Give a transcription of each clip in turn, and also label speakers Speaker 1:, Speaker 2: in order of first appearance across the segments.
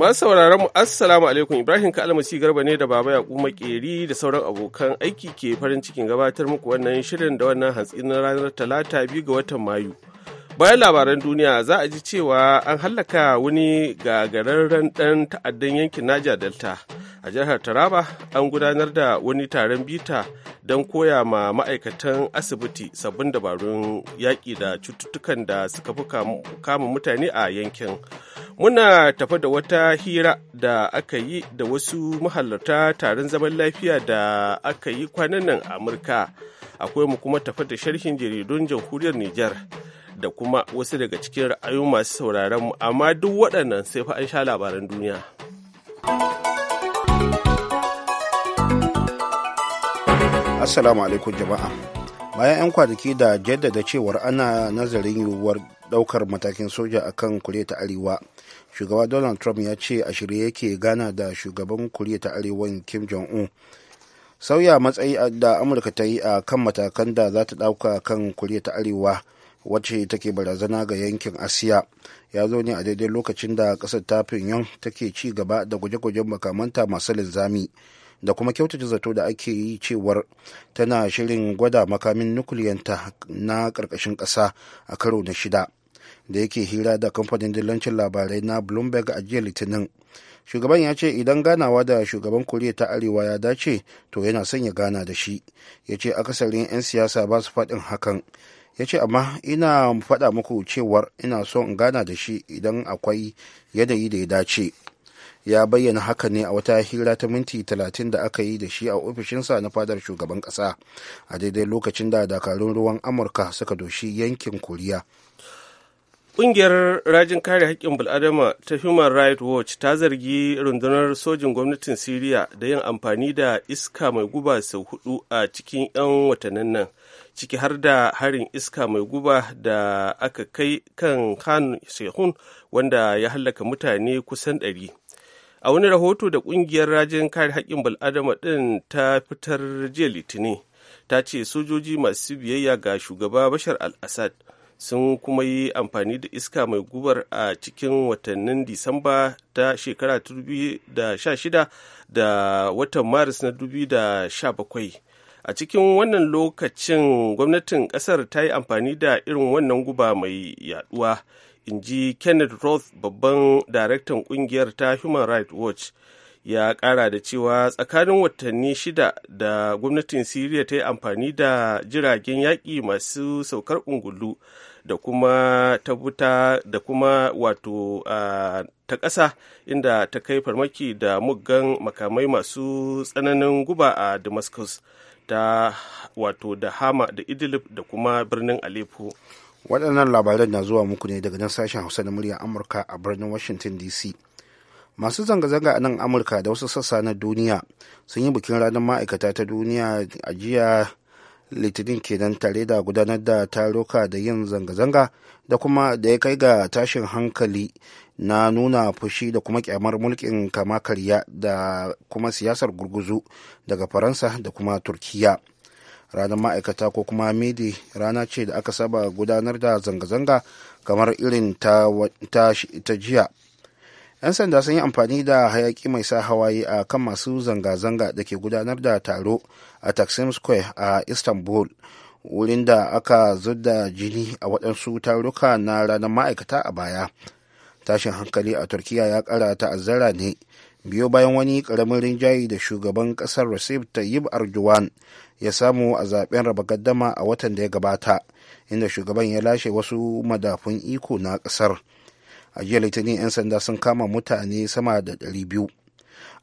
Speaker 1: Masu sauraron mu Assalamu alaikum Ibrahim Kalmasi Garba ne da Baba Yakubu Makeri da sauran abokan aiki ke farin cikin gabatar muku wannan shirin da wannan hantsi na ranar Talata biyu ga watan Mayu. bayan labaran duniya za a ji cewa an hallaka wani gagararren ɗan ta'addan yankin naja delta a jihar taraba an gudanar da wani taron bita don koya ma ma'aikatan asibiti sabbin dabarun yaƙi da cututtukan da suka fi kama mutane a yankin muna tafa da wata hira da aka yi da wasu mahalarta taron zaman lafiya da aka yi kwanan nan a amurka akwai mu kuma tafa da sharhin jaridun jamhuriyar nijar da kuma wasu daga cikin ra'ayoyin masu sauraron mu amma duk waɗannan sai fa an sha labaran duniya.
Speaker 2: Assalamu alaikum jama'a. Bayan 'yan kwanaki da jaddada cewar ana nazarin yiwuwar daukar matakin soja akan kan ta Arewa, shugaba Donald Trump ya ce a shirye yake gana da shugaban Koriya ta Arewan Kim Jong-un. Sauya matsayi da Amurka ta yi a kan matakan da za ta dauka kan Koriya ta Arewa wacce take barazana ga yankin asiya ya zo ne a daidai lokacin da kasar ta pyongyang take ci gaba da gwaje-gwajen makamanta masu linzami da kuma kyautata zato da ake yi cewar tana shirin gwada makamin nukiliyanta na karkashin ƙasa a karo na shida da yake hira da kamfanin dillancin labarai na bloomberg a jiya litinin shugaban ya ce idan ganawa da shugaban koriya ta arewa ya dace to yana son ya gana da shi ya ce akasarin 'yan siyasa ba su faɗin hakan ya ce amma ina faɗa muku cewar ina so in gana da shi idan akwai yanayi da ya dace ya bayyana haka ne a wata hira ta minti talatin da aka yi da shi a ofishinsa na fadar shugaban kasa a daidai lokacin da dakarun ruwan amurka suka doshi yankin koriya
Speaker 1: Ƙungiyar rajin kare haƙƙin bil'adama ta Human Rights Watch ta zargi rundunar sojin gwamnatin Siriya da yin amfani da iska mai guba sau hudu a cikin 'yan watannin nan ciki har da harin iska mai guba da aka kai kan khan sehun wanda ya hallaka mutane kusan ɗari a wani rahoto da ƙungiyar rajin kare haƙƙin bal'adama ɗin ta fitar jiya litinin ta ce sojoji masu biyayya ga shugaba bashar al-assad sun kuma yi amfani da iska mai gubar a cikin watannin disamba ta shekara 2016 da watan maris na 2017 a cikin wannan lokacin gwamnatin kasar ta yi amfani da irin wannan guba mai yaduwa in ji kenneth roth babban daraktan kungiyar ta human rights watch ya kara da cewa tsakanin watanni shida da gwamnatin syria ta yi amfani da jiragen yaƙi masu saukar ungulu da kuma ta buta da kuma wato ta ƙasa inda ta kai farmaki da muggan makamai masu tsananin guba a damascus da wato da hama da idlib da kuma birnin
Speaker 2: aleppo waɗannan labaran na zuwa muku ne daga nan sashen hausa na murya amurka a birnin washington dc masu zanga-zanga a nan amurka da wasu sassa na duniya sun yi bikin ranar ma'aikata ta duniya a jiya litinin kenan tare da gudanar da taruka da yin zanga-zanga da kuma da ya kai ga tashin hankali na nuna fushi da kuma kyamar mulkin kama karya da kuma siyasar gurguzu daga faransa da kuma turkiya ranar ma'aikata ko kuma midi rana ce da aka saba gudanar da zanga-zanga kamar irin ta, jiya yan sanda sun yi amfani da hayaki mai sa hawaye a kan masu zanga-zanga da ke gudanar da taro a taksim square a istanbul wurin da aka zudda jini a waɗansu taruka na ranar ma'aikata a baya tashin hankali a turkiya ya kara ta'azzara ne biyo bayan wani karamin rinjaye da shugaban kasar recep tayyip arjuwan ya samu a zaben raba gaddama a watan da ya gabata inda shugaban ya lashe wasu madafun iko na kasar a jiya litinin 'yan sanda sun kama mutane sama da 200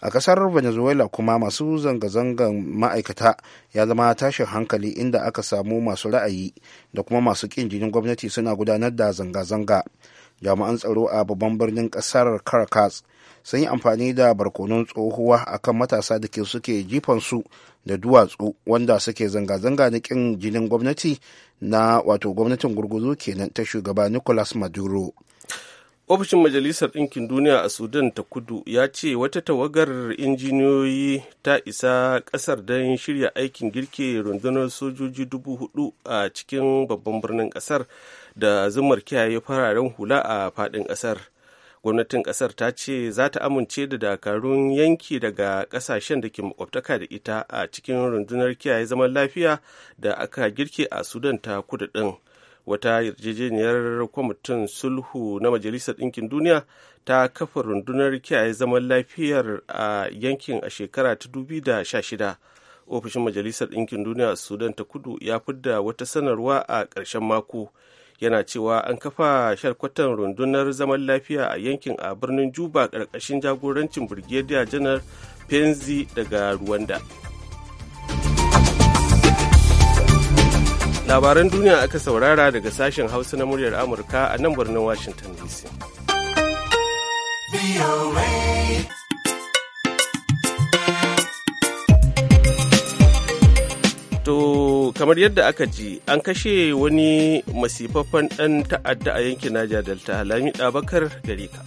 Speaker 2: a kasar venezuela kuma masu zanga-zangan ma'aikata ya zama tashin hankali inda aka samu masu ra'ayi da kuma masu kin jinin gwamnati suna gudanar da zanga-zanga jami'an tsaro a babban birnin kasar karakas sun yi amfani da barkonon tsohuwa akan matasa da ke suke jifansu da duwatsu wanda suke zanga-zanga na kin jinin gwamnati na wato gwamnatin gurguzu kenan ta shugaba nicolas maduro
Speaker 1: ofishin majalisar ɗinkin duniya a sudan ta kudu ya ce wata tawagar injiniyoyi ta isa ƙasar don shirya aikin girke rundunar sojoji dubu hudu a cikin babban birnin ƙasar da zumar kiyaye fararen hula a fadin kasar? gwamnatin kasar ta ce za ta amince da dakarun yanki daga kasashen da ke makwabtaka da ita a cikin rundunar kiyaye zaman lafiya da aka girke a sudan ta kudu din wata yarjejeniyar kwamitin sulhu na majalisar ɗinkin duniya ta kafa rundunar kiyaye zaman lafiyar a yankin a shekara ta 2016 ofishin majalisar ɗinkin duniya a sudan ta kudu ya fidda wata sanarwa a ƙarshen mako yana cewa an kafa sharkwatan rundunar zaman lafiya a yankin a birnin juba ƙarƙashin jagorancin birgediya janar penzi daga rwanda labaran duniya aka saurara daga sashen hausa na muryar amurka a nan birnin washington dc To kamar yadda aka ji an kashe wani masifaffen ɗan ta'adda a yankin Naja Delta Lamida Bakar gare ka.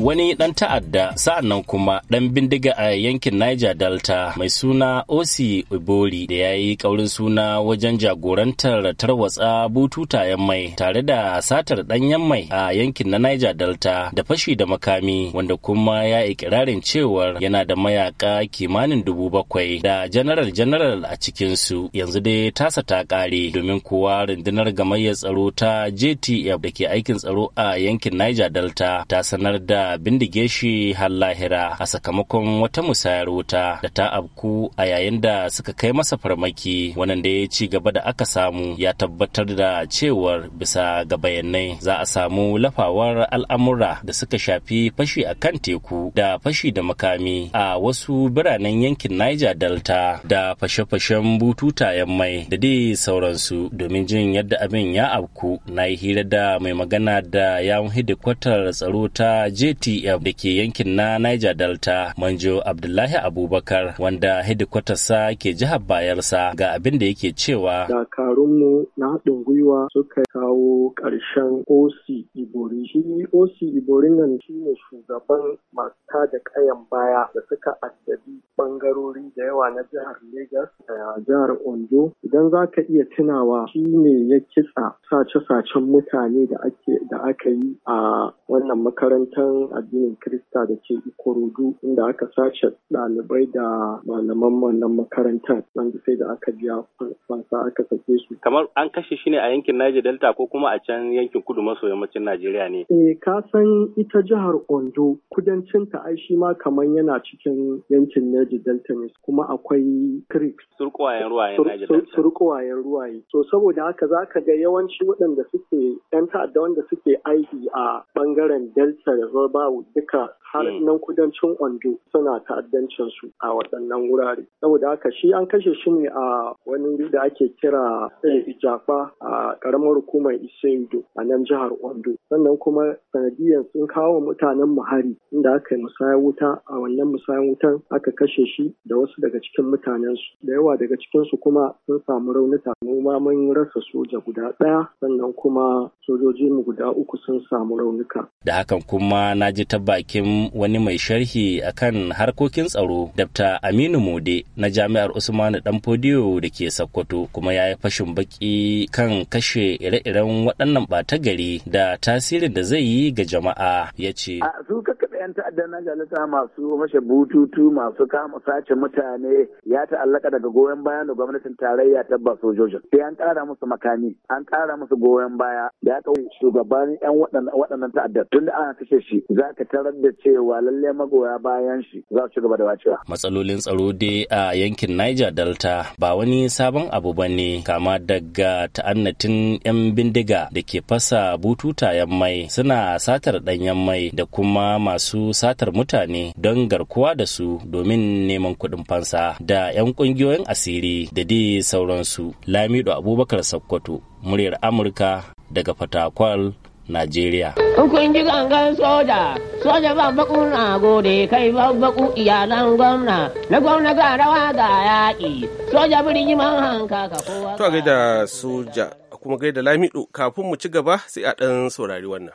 Speaker 3: wani ɗan ta'adda sa'an nan kuma ɗan bindiga a yankin Niger Delta mai suna Osi Ibori da ya yi ƙaurin suna wajen jagorantar tarwatsa bututa yan mai tare da satar ɗan yan mai a yankin na Niger Delta da fashi da makami wanda kuma ya ikirarin cewar yana da mayaka kimanin dubu bakwai da general general a cikinsu yanzu dai tasa ta ƙare domin kuwa rundunar gamayyar tsaro ta JTF da ke aikin tsaro a yankin Niger Delta ta sanar da bindige shi har lahira a sakamakon wata musayar wuta da ta abku a yayin da suka kai masa farmaki wannan da ya ci gaba da aka samu ya tabbatar da cewar bisa ga bayanai za a samu lafawar al'amura da suka shafi fashi a kan teku da fashi da makami a wasu biranen yankin niger delta da fashe-fashen bututa Yammai da dai sauransu domin jin yadda abin ya abku na yi hira da mai magana da yawon hidikwatar tsaro ta jt ATM da ke yankin na Niger Delta Manjo Abdullahi Abubakar wanda hedikwatarsa ke jihar bayarsa ga abin da yake cewa.
Speaker 4: Dakarunmu na haɗin gwiwa suka kawo ƙarshen OC Ibori. Shi OC Ibori nan shi ne shugaban masu da ƙayan baya da suka addabi bangarori da yawa na jihar Legas da jihar Ondo. Idan za ka iya tunawa shi ne ya kitsa sace-sacen mutane da aka yi a wannan makarantar addinin Kirista da ke Ikorodu inda aka sace ɗalibai da malaman wannan makarantar nan sai da aka biya fansa aka sake su.
Speaker 3: Kamar an kashe shi ne a yankin Niger Delta ko kuma a can yankin kudu maso yammacin Najeriya ne?
Speaker 4: Eh ka san ita jihar Ondo kudancin ta ai shi ma kamar yana cikin yankin Niger Delta ne kuma akwai creek. Surkuwayen ruwaye Niger Delta. Surkuwayen ruwaye. So saboda haka za ka ga yawanci waɗanda suke 'yan ta'adda wanda suke aiki a ɓangaren Delta da Zorba Ibau duka har hmm. nan kudancin Ondo suna ta'addancin su a waɗannan wurare. Saboda haka shi an kashe shi ne a wani da ake kira eh, Ijafa a ƙaramar hukumar Iseido a nan jihar Ondo. Sannan kuma sanadiyar sun kawo mutanen Muhari inda aka yi musayar wuta a wannan musayar wutan aka kashe shi da wasu daga cikin mutanen su. Da yawa daga cikin su kuma sun samu raunuka. Mu ma mun rasa soja guda ɗaya sannan kuma sojoji mu guda uku sun samu raunuka.
Speaker 3: Da hakan kuma na ji ta bakin wani mai sharhi akan harkokin tsaro dr aminu mode na jami'ar usmanu danfodiyo da ke sokoto kuma ya yi fashin baki kan kashe ire-iren waɗannan ɓata gari da tasirin da zai yi ga jama'a ya ce
Speaker 5: 'yan na najalisa masu mashe bututu masu kama sace mutane ya ta'allaka daga goyon bayan da gwamnatin tarayya ta ba sojojin. Sai an kara musu makami, an kara musu goyon baya da aka shugaban 'yan waɗannan ta'addar tun da ana kashe shi za ka tarar da cewa lalle magoya bayan shi za su ci gaba da wacewa.
Speaker 3: Matsalolin tsaro dai a yankin Niger Delta ba wani sabon abu ba ne kama daga ta'annatin 'yan bindiga da ke fasa bututayen mai suna satar ɗanyen mai da kuma masu Su satar mutane don garkuwa da su domin neman kuɗin fansa da 'yan ƙungiyoyin asiri da dai sauransu lamido abubakar sakkwato muryar amurka daga fatakwal Najeriya.
Speaker 6: Hukun ji gangan soja, soja ban baku na gode kai ban baku iyalan gwamna, na gwamna ga rawa ga yaƙi, soja birni man hanka ka kowa.
Speaker 1: To gaida soja kuma gaida lamido kafin mu ci gaba sai a ɗan saurari wannan.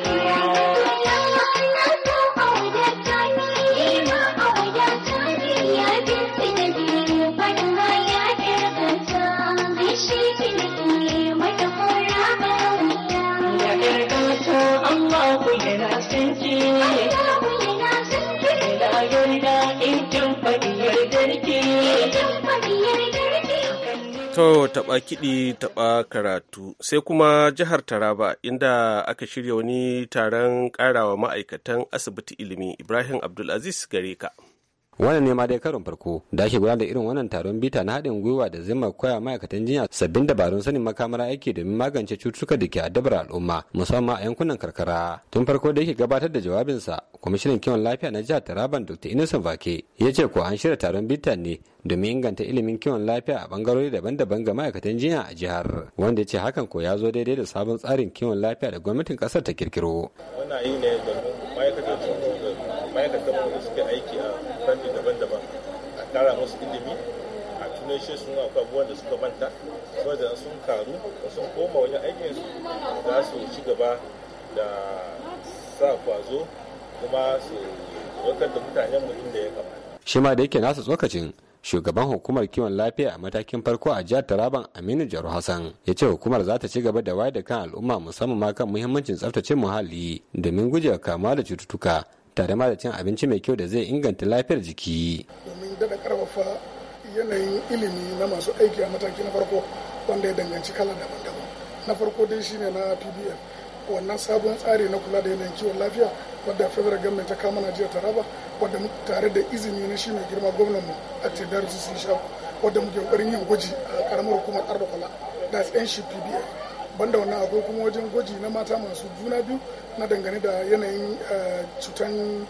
Speaker 1: To taɓa kiɗi taɓa karatu sai kuma jihar Taraba inda aka shirya wani taron ƙarawa ma'aikatan asibiti ilimi Ibrahim Abdulaziz gareka.
Speaker 7: wannan ne ma dai karon farko da ake gudanar da irin wannan taron bita na haɗin gwiwa da zimma koya ma'aikatan jinya sabbin dabarun sanin makamara aiki domin magance cututtuka da ke addabar al'umma musamman a yankunan karkara tun farko da yake gabatar da jawabinsa kwamishinan kiwon lafiya na jihar taraban dr innocent vake ya ce ko an shirya taron bita ne domin inganta ilimin kiwon lafiya a bangarori daban-daban ga ma'aikatan jinya a jihar wanda ya ce hakan ko ya zo daidai da sabon tsarin kiwon lafiya da gwamnatin kasar ta kirkiro.
Speaker 1: kara musu ilimi a tunashe sun akwai abubuwan da suka manta saboda sun karu da sun koma wajen aikin su za su ci gaba da sa kwazo kuma su wakar da mutanen mutum da ya kamata.
Speaker 7: shi ma da yake nasa tsokacin shugaban hukumar kiwon lafiya a matakin farko a jihar taraban aminu jaru hassan ya ce hukumar za ta ci gaba da wayar da kan al'umma musamman ma kan muhimmancin tsaftace muhalli domin gujewa kamuwa da cututtuka tare ma da cin abinci mai kyau da zai inganta lafiyar jiki
Speaker 8: domin daɗa ƙarfafa yanayin ilimi na masu aiki a mataki na farko wanda ya danganci kala daban-daban na farko dai shine na pbn wannan sabon tsari na kula da yanayin kiwon lafiya wadda federal government ta kama jiya taraba wadda tare da izini na shine mai girma gwamnan mu a tedar su sun sha wadda muke ƙoƙarin yin gwaji a karamar hukumar arba kwala That's tsanshi banda wannan akwai kuma wajen gwaji na mata masu juna biyu na dangane da yanayin eh, cutan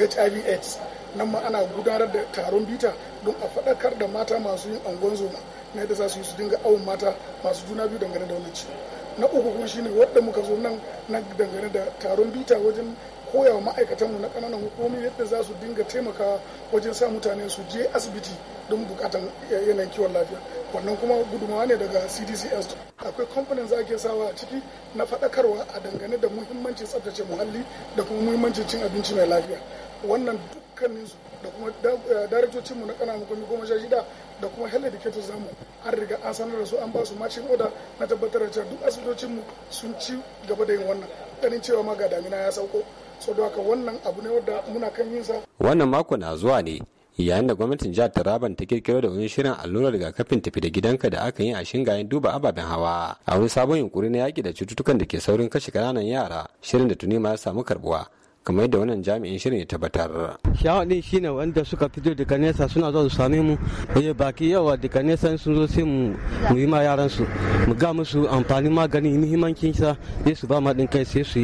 Speaker 8: hiv eh, aids nan ma ana gudanar da taron bita don a faɗakar da mata masu yin angon zoma na yadda za su yi su dinga awon mata masu juna biyu dangane da wannan ciwo na uku kuma shine wadda muka zo nan na dangane da taron bita wajen koya wa mu na kananan hukumomi yadda za su dinga taimakawa wajen sa mutane su je asibiti don bukatan eh, yanayin kiwon lafiya wannan kuma gudumawa ne daga cdcs akwai kamfanin za ke sawa a ciki na faɗakarwa a dangane da muhimmanci tsaftace muhalli da kuma muhimmancin cin abinci mai lafiya wannan dukkaninsu da kuma eh, darajocinmu na ƙananan hukumi goma sha shida da kuma health educators zamu an riga an sanar da su an ba su macin oda na tabbatar da cewa duk asibitocinmu sun ci gaba da yin wannan ganin cewa ma ga damina ya sauko so da wannan abu ne wanda muna kan yin sa
Speaker 7: wannan mako na zuwa ne yayin da gwamnatin jihar Taraban ta kirkiro da wani shirin allurar rigakafin tafi da gidanka da aka yi a shingayen duba ababen hawa a wani sabon yunkuri na yaki da cututtukan da ke saurin kashe kananan yara shirin da tuni ma ya samu karbuwa kamar yadda wannan jami'in shirin ya tabbatar.
Speaker 9: Shawaɗin shine wanda suka fito daga nesa suna zuwa su same mu waje baki yawa daga nesa sun zo sai mu yi ma yaran su mu ga musu amfani magani muhimmancin sa sai su ba ma ɗin kai sai su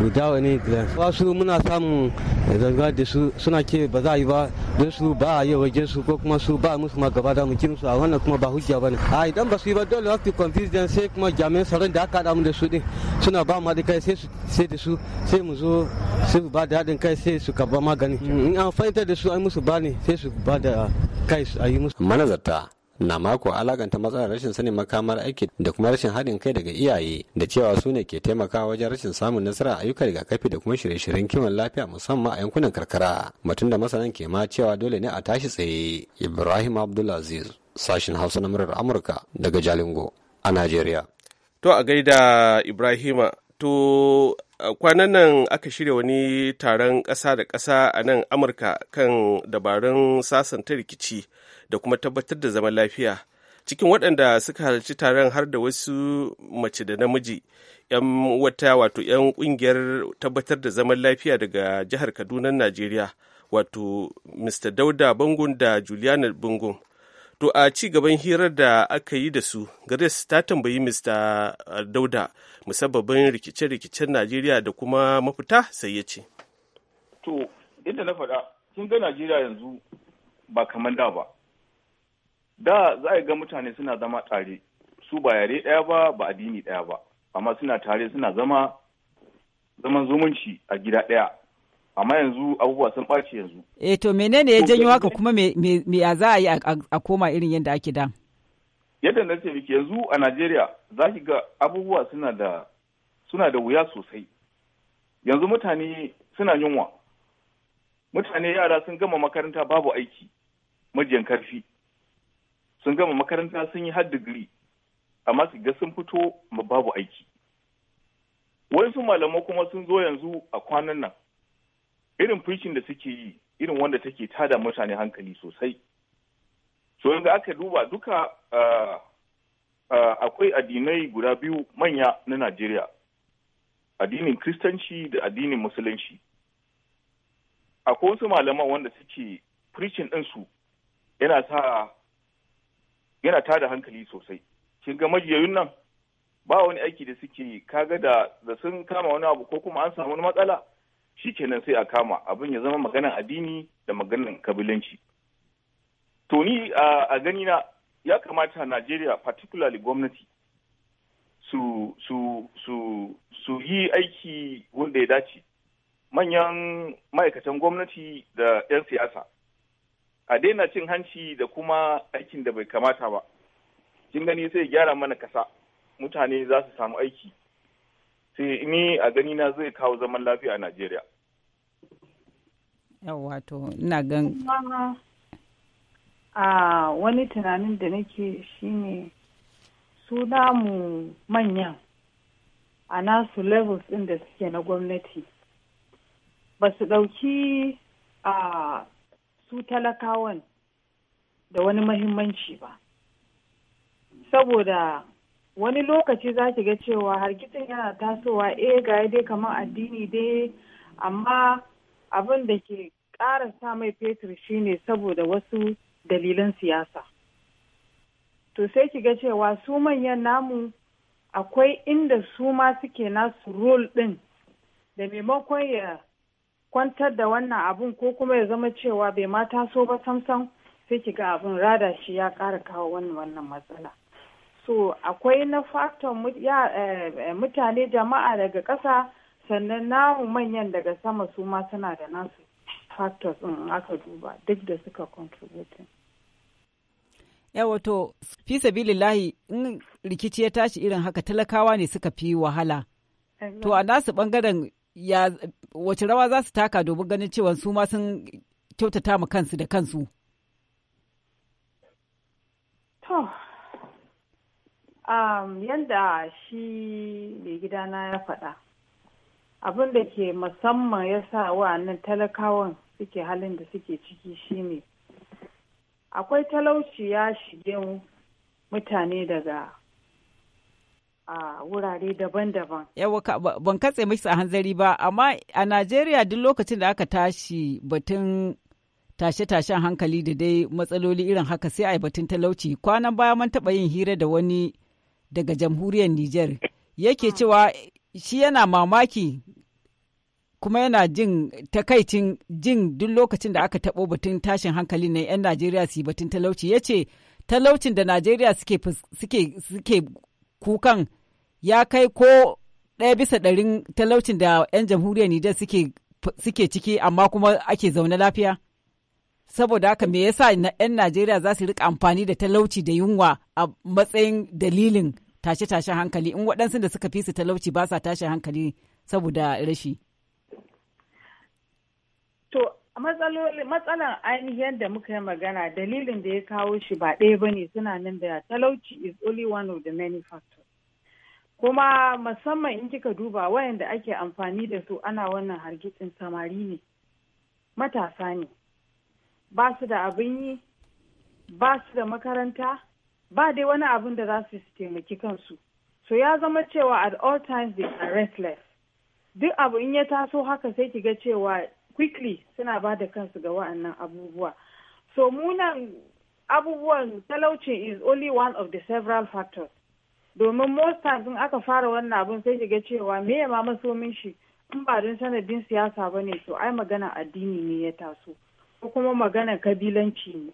Speaker 9: mu dawo ne gidan. Wasu muna samun zanga da su suna ke ba za a yi ba don su ba a yi waje su ko kuma su ba musu ma gaba da mu kin su a wannan kuma ba hujja ba ne. A idan ba su yi ba dole wasu confuse dan sai kuma jami'in tsaron da aka haɗa mu da su ɗin suna ba ma haɗin kai sai da su sai mu zo sai ba da haɗin kai sai su karba magani in an fahimta da su an musu ba ne sai su ba da kai
Speaker 7: a yi musu manazarta na mako alakanta matsalar rashin sanin makamar aiki da kuma rashin haɗin kai daga iyaye da cewa su ne ke taimakawa wajen rashin samun nasara a ayyukan rigakafi da kuma shirye-shiryen kiwon lafiya musamman a yankunan karkara batun da masanan ke ma cewa dole ne a tashi tsaye ibrahim abdulaziz sashen hausa na murar amurka daga jalingo a najeriya
Speaker 1: to a gaida ibrahima to kwanan nan aka shirya wani taron ƙasa da ƙasa a nan amurka kan dabarun sasanta rikici da kuma tabbatar da zaman lafiya cikin waɗanda suka halarci taron har da wasu mace da namiji 'yan wata wato 'yan ƙungiyar tabbatar da zaman lafiya daga jihar kaduna najeriya wato mr dauda bangun da juliana bangun To a ci gaban hirar da aka yi da su, Grace ta tambayi Mr. Eh, Dauda musabbabin rikice-rikicen Najeriya da kuma mafita sai ya ce.
Speaker 10: To, inda na faɗa, sun ga Najeriya yanzu ba kamar da ba. Da za a ga mutane suna zama tare, su ba yare ɗaya ba, ba addini ɗaya ba, amma suna tare suna zama zaman zumunci a gida ɗaya. amma yanzu abubuwa sun ɓace yanzu
Speaker 6: e to menene ya janyo haka kuma me ya za a yi a koma irin yadda ake da
Speaker 10: yadda na ce miki yanzu a Najeriya za ki ga abubuwa suna da wuya sosai yanzu mutane suna yunwa mutane yara sun gama makaranta babu aiki majiyan karfi sun gama makaranta sun yi har digiri amma su ga sun fito babu aiki wasu malamai kuma sun zo yanzu a kwanan nan irin fushin da suke yi irin wanda take tada mutane hankali sosai so yanzu aka duba duka ah, ah, akwai addinai guda biyu manya na najeriya addinin kristanci da addinin musulunci akwai wasu malaman wanda suke preaching ɗinsu yana sa yana tada hankali sosai kin ga majiyayun nan ba wani aiki da suke kaga da da sun kama wani abu ko kuma an samu matsala Shi kenan sai a kama abin ya zama maganan addini da maganan kabilanci to ni a gani na ya kamata Najeriya particularly gwamnati su su su su yi aiki wanda ya dace manyan ma'aikatan gwamnati da 'yan siyasa a daina cin hanci da kuma aikin da bai kamata ba kin gani sai gyara mana kasa mutane za su samu aiki sai ni a gani na zai kawo zaman lafiya a Najeriya.
Speaker 6: Yawwa to ina gan
Speaker 11: a wani tunanin da nake ne su mu manyan a nasu levels ɗin da suke na gwamnati ba su ɗauki a su talakawan da wani mahimmanci ba saboda wani lokaci za ki ga cewa hargitsin yana tasowa eh ga dai kamar addini dai amma abin da ke ƙara sa mai fetur shine saboda wasu dalilan siyasa to sai ki ga cewa su manyan namu akwai inda su ma suke nasu rol ɗin da maimakon ya kwantar da wannan abun ko kuma ya zama cewa bai ma taso ba samsam sai ki ga abin rada shi ya ƙara kawo wannan wannan matsala so akwai na factor eh, eh, mutane jama'a daga ƙasa sannan namu manyan daga sama su ma suna da nasu factors in aka duba duk da suka contribute.
Speaker 6: yawato fi sabilillahi in rikici ya tashi irin haka talakawa ne suka fi wahala to a nasu bangaren ya wace rawa za su taka domin ganin cewa su ma sun kyautata ma kansu da kansu
Speaker 11: Um, yadda shi mai gidana ya faɗa abin da ke musamman ya sa nan talakawan suke halin da suke ciki shine akwai talauci ya shige mutane daga a wurare daban-daban.
Speaker 6: Yawa ban katse miki a hanzari ba, amma a Najeriya duk lokacin da aka tashi batun tashe-tashen hankali da dai matsaloli irin haka sai a yi batun talauci. Kwanan baya mun taɓa yin hira da wani daga jamhuriyar Nijar yake cewa shi yana mamaki kuma yana jin takaicin jin duk lokacin da aka taɓo batun tashin hankali na 'yan Najeriya su yi batun talauci ya ce talaucin da Najeriya suke kukan ya kai ko ɗaya bisa ɗarin talaucin da 'yan jamhuriyar Nijar suke ciki amma kuma ake zaune lafiya? Saboda haka me yasa 'yan Najeriya za su rika amfani da talauci da yunwa a matsayin dalilin tashe tashe hankali in waɗansu da suka fi su talauci ba sa tashin hankali saboda rashi.
Speaker 11: To matsalan ainihin da muka yi magana dalilin da ya kawo shi ba ɗaya ba ne suna nan da talauci is only one of the many factors. Kuma musamman in kika duba wayanda ake amfani da su ana wannan hargitsin samari ne, matasa ne, ba su da abin yi, ba su da makaranta, ba dai wani abin da za su taimaki kansu so ya zama cewa at all times they are restless duk abu in ya taso haka sai kiga cewa quickly suna ba da kansu ga wa'annan abubuwa so munan abubuwan talauci is only one of the several factors domin most times in aka fara wannan abun sai kiga cewa me ya ma masomin shi in ba don sanadin siyasa ba ne to ai magana addini ne ya taso ko kuma magana kabilanci ne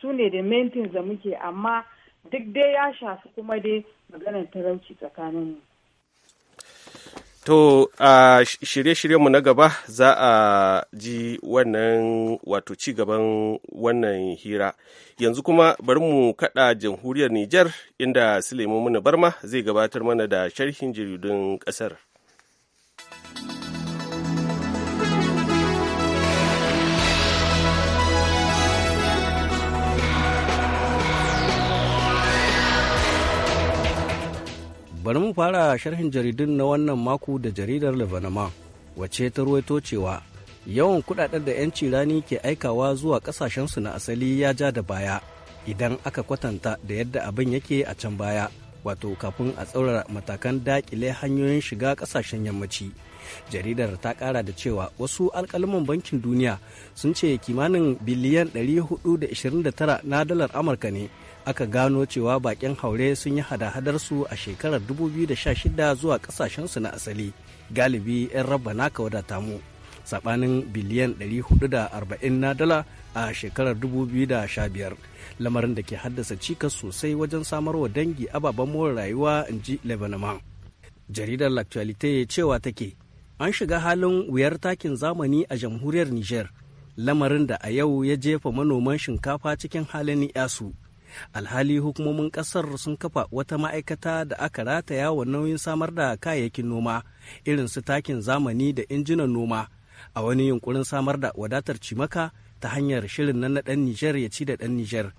Speaker 11: su ne da main things da muke amma duk dai ya shafi kuma dai maganar talauci tsakanin
Speaker 1: To a shirye shiryen mu na gaba za a ji wannan wato ci gaban wannan hira. Yanzu kuma bari mu kaɗa jamhuriyar Nijar inda Suleiman Muna Barma zai gabatar mana da sharhin jaridun ƙasar.
Speaker 9: Bari mu fara sharhin jaridun na wannan mako da jaridar Lebanama, wace ta ruwaito cewa yawan kudaden da yan rani ke aikawa zuwa kasashensu na asali ya ja da baya idan aka kwatanta da yadda abin yake a can baya. wato kafin a tsaurara matakan dakile hanyoyin shiga kasashen yammaci jaridar ta kara da cewa wasu alkalaman bankin duniya sun ce kimanin biliyan 429 na dalar amurka ne aka gano cewa bakin haure sun yi hada-hadarsu a shekarar 2016 zuwa kasashensu na asali galibi 'yan rabba naka wadata mu sabanin biliyan 440 na dala a shekarar 2015 lamarin da ke haddasa cikas sosai wajen samar wa dangi ababen more rayuwa in ji lebanon jaridar l'actualite cewa take an shiga halin wuyar takin zamani a jamhuriyar niger lamarin da a yau ya jefa manoman shinkafa cikin halin yasu alhali hukumomin kasar sun kafa wata ma'aikata da aka rataya wa nauyin samar da kayayyakin noma irin su takin zamani da injinan noma a wani yunkurin samar da wadatar cimaka ta hanyar shirin nan na ɗan nijar ya ci da ɗan nijar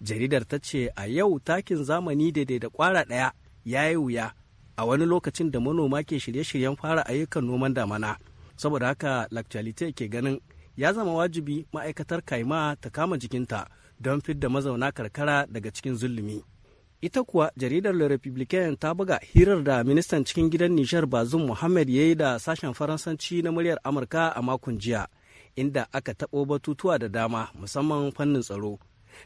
Speaker 9: jaridar ta ce a yau takin zamani daidai da kwara ɗaya ya yi wuya a wani lokacin da manoma ke shirye-shiryen fara ayyukan noman damana saboda haka lactalite ke ganin ya zama wajibi ma'aikatar kaima ta kama jikinta don fidda mazauna karkara daga cikin zulumi. Ita kuwa jaridar Le Republicain ta buga hirar da ministan cikin gidan Nishar Bazum Muhammad ya yi da sashen Faransanci na muryar Amurka a makon jiya, inda aka taɓo batutuwa da dama musamman fannin tsaro.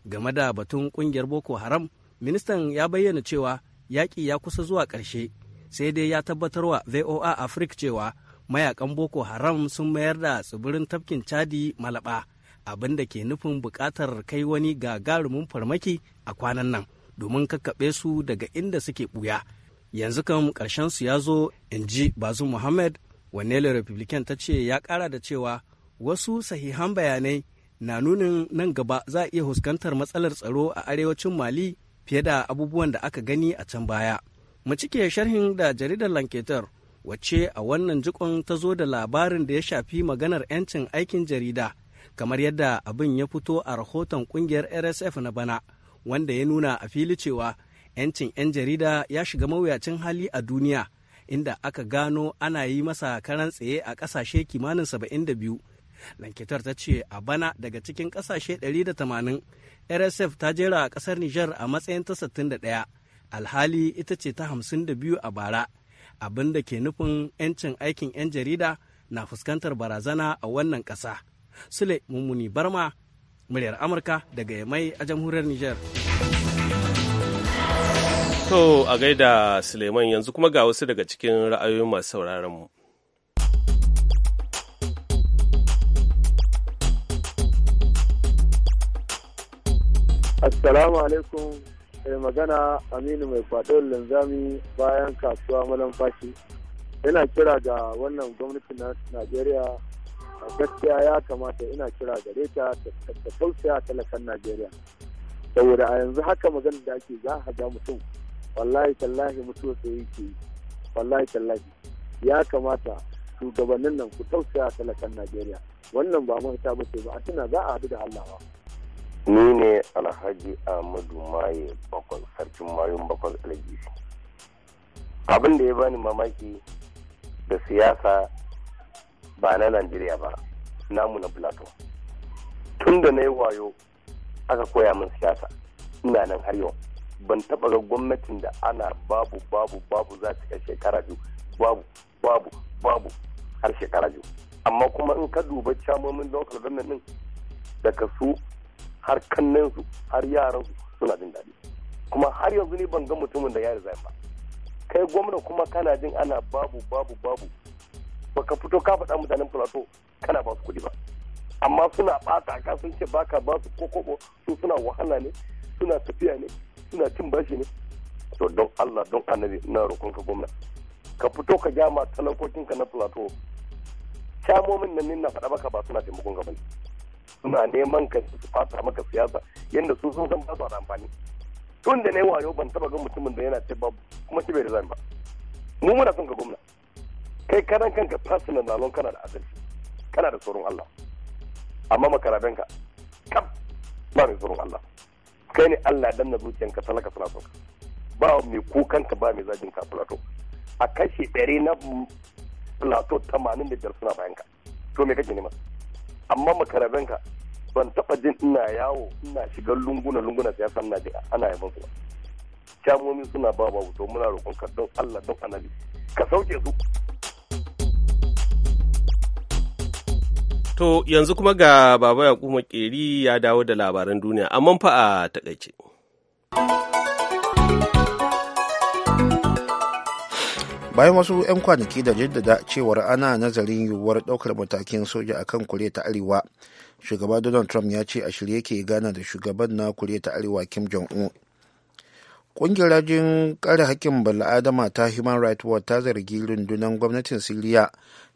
Speaker 9: Game da batun ƙungiyar Boko Haram, ministan ya bayyana cewa yaƙi ya kusa zuwa ƙarshe, sai dai ya tabbatarwa VOA Africa cewa mayakan Boko Haram sun mayar da tsibirin tafkin Chadi malaba abin da ke nufin buƙatar kai wani gagarumin farmaki a kwanan nan domin kakkaɓe su daga inda suke ɓuya yanzu kan ƙarshen su ya zo in ji bazu muhammad wanele republican ta ce ya ƙara da cewa wasu sahihan bayanai na nunin nan gaba za a iya huskantar matsalar tsaro a arewacin mali fiye da abubuwan da aka gani a can baya mu cike sharhin da jaridar lanketar wacce a wannan jikon ta zo da labarin da ya shafi maganar 'yancin aikin jarida kamar yadda abin ya fito a rahoton kungiyar rsf na bana wanda ya nuna a fili cewa 'yancin 'yan jarida ya shiga mawuyacin hali a duniya inda aka gano ana yi masa karan tsaye a ƙasashe kimanin 72 lankitar ta ce a bana daga cikin ƙasashe 180 rsf ta jera a ƙasar niger a matsayin ta 61 alhali ita ce ta 52 a bara abin da ke nufin 'yancin aikin 'yan jarida na fuskantar barazana a wannan ƙasa. Sule Mummuni Barma, muryar Amurka daga Yamai a jamhuriyar Nijar.
Speaker 1: To a gaida Suleiman yanzu kuma ga wasu daga cikin ra'ayoyin masu sauraron mu.
Speaker 5: Assalamu alaikum mai magana Aminu mai faɗon linzami bayan kasuwa malamfashi. Yana kira ga wannan gwamnatin Najeriya gaskiya ya kamata ina kira gare ta da tausaya talakan najeriya saboda a yanzu haka magana da ake za a ga mutum wallahi tallahi mutuwa sai yake yi wallahi tallahi ya kamata shugabannin nan ku tausaya talakan najeriya wannan ba mafita ba ce ba a tuna za a haɗu da allah ba ni ne alhaji ahmadu maye bakwai sarkin mayun bakwai alhaji abin da ya bani mamaki da siyasa ba na najeriya ba namu na plato tun da na yi wayo aka koya min siyasa ina nan har yau ban taba ga gwamnatin da ana babu babu babu za ta shekara biyu babu babu babu har shekara biyu amma kuma in ka duba camomin local government din daga su har kannensu har yaransu suna jin daɗi kuma har yanzu ne ban ga mutumin da ya resign ba kai gwamna kuma kana jin ana babu babu babu baka fito ka faɗa mutanen plateau kana ba su kuɗi ba amma suna ɓata ka sun ce baka ba su ko kobo su suna wahala ne suna tafiya ne suna cin bashi ne to don Allah don annabi roƙon ka gwamna ka fito ka gyama ka na plateau shamomin nan na faɗa maka ba suna taimakon ka ne suna neman ka su fata maka siyasa yadda su sun san ba su da amfani tun da na yi wayo ban taba ga mutumin da yana ce babu kuma shi bai resign ba mu muna son ka gwamna kai karan kanka personal na kana da adalci kana da tsoron Allah amma makarabenka kam ba mai tsoron Allah kai ne Allah dan danna zuciyanka talaka suna son ba mai kukanka ba mai zagin ka plato a kashe ɗari na plato tamanin da biyar suna to me kake nema amma makarabenka ban taba jin ina yawo ina shiga lunguna lunguna siyasa ina ji ana yaban ku ba kyamomi suna ba ba wuto muna roƙon ka don Allah don annabi ka sauke su
Speaker 1: To yanzu kuma ga Baba kuma Makeri ya dawo da labaran duniya, amma fa a takaice.
Speaker 2: Bayan wasu 'yan kwanaki da jaddada cewar ana nazarin yiwuwar ɗaukar matakin soja a kan Koriya ta Arewa, shugaba Donald Trump ya ce a shirye ke gana da shugaban na ta Arewa Kim Jong-un. Ƙungiyar rajin kare haƙƙin bala'adama ta Human Rights Watch ta zargi rundunar gwamnatin Siriya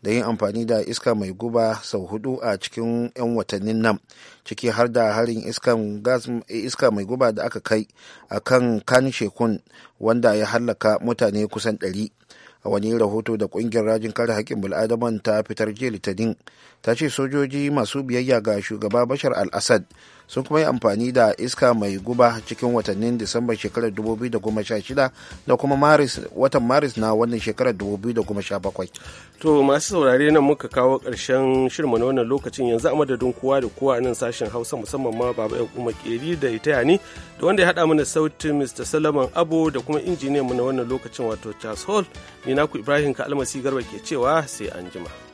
Speaker 2: da yin amfani da iska mai guba sau hudu a cikin 'yan watannin nan ciki har da harin eh, iska mai guba da aka kai a kan kan shekun wanda ya hallaka mutane kusan 100 a wani rahoto da kungiyar rajin kare haƙƙin bil'adaman ta fitar jiya litinin ta ce sojoji masu biyayya ga shugaba bashar al-assad sun kuma yi amfani da iska mai guba cikin watannin disamba shekarar 2016 da kuma watan maris na wannan shekarar 2017
Speaker 1: to masu saurare nan muka kawo ƙarshen shirma na wannan lokacin yanzu a madadin kowa da kowa a nan sashen hausa musamman ma baba kuma keri da ita yani da wanda ya haɗa mana sautin mr salaman abo da kuma injiniyan mu na wannan lokacin wato charles hall ni naku ibrahim ka almasi garba ke cewa sai an jima.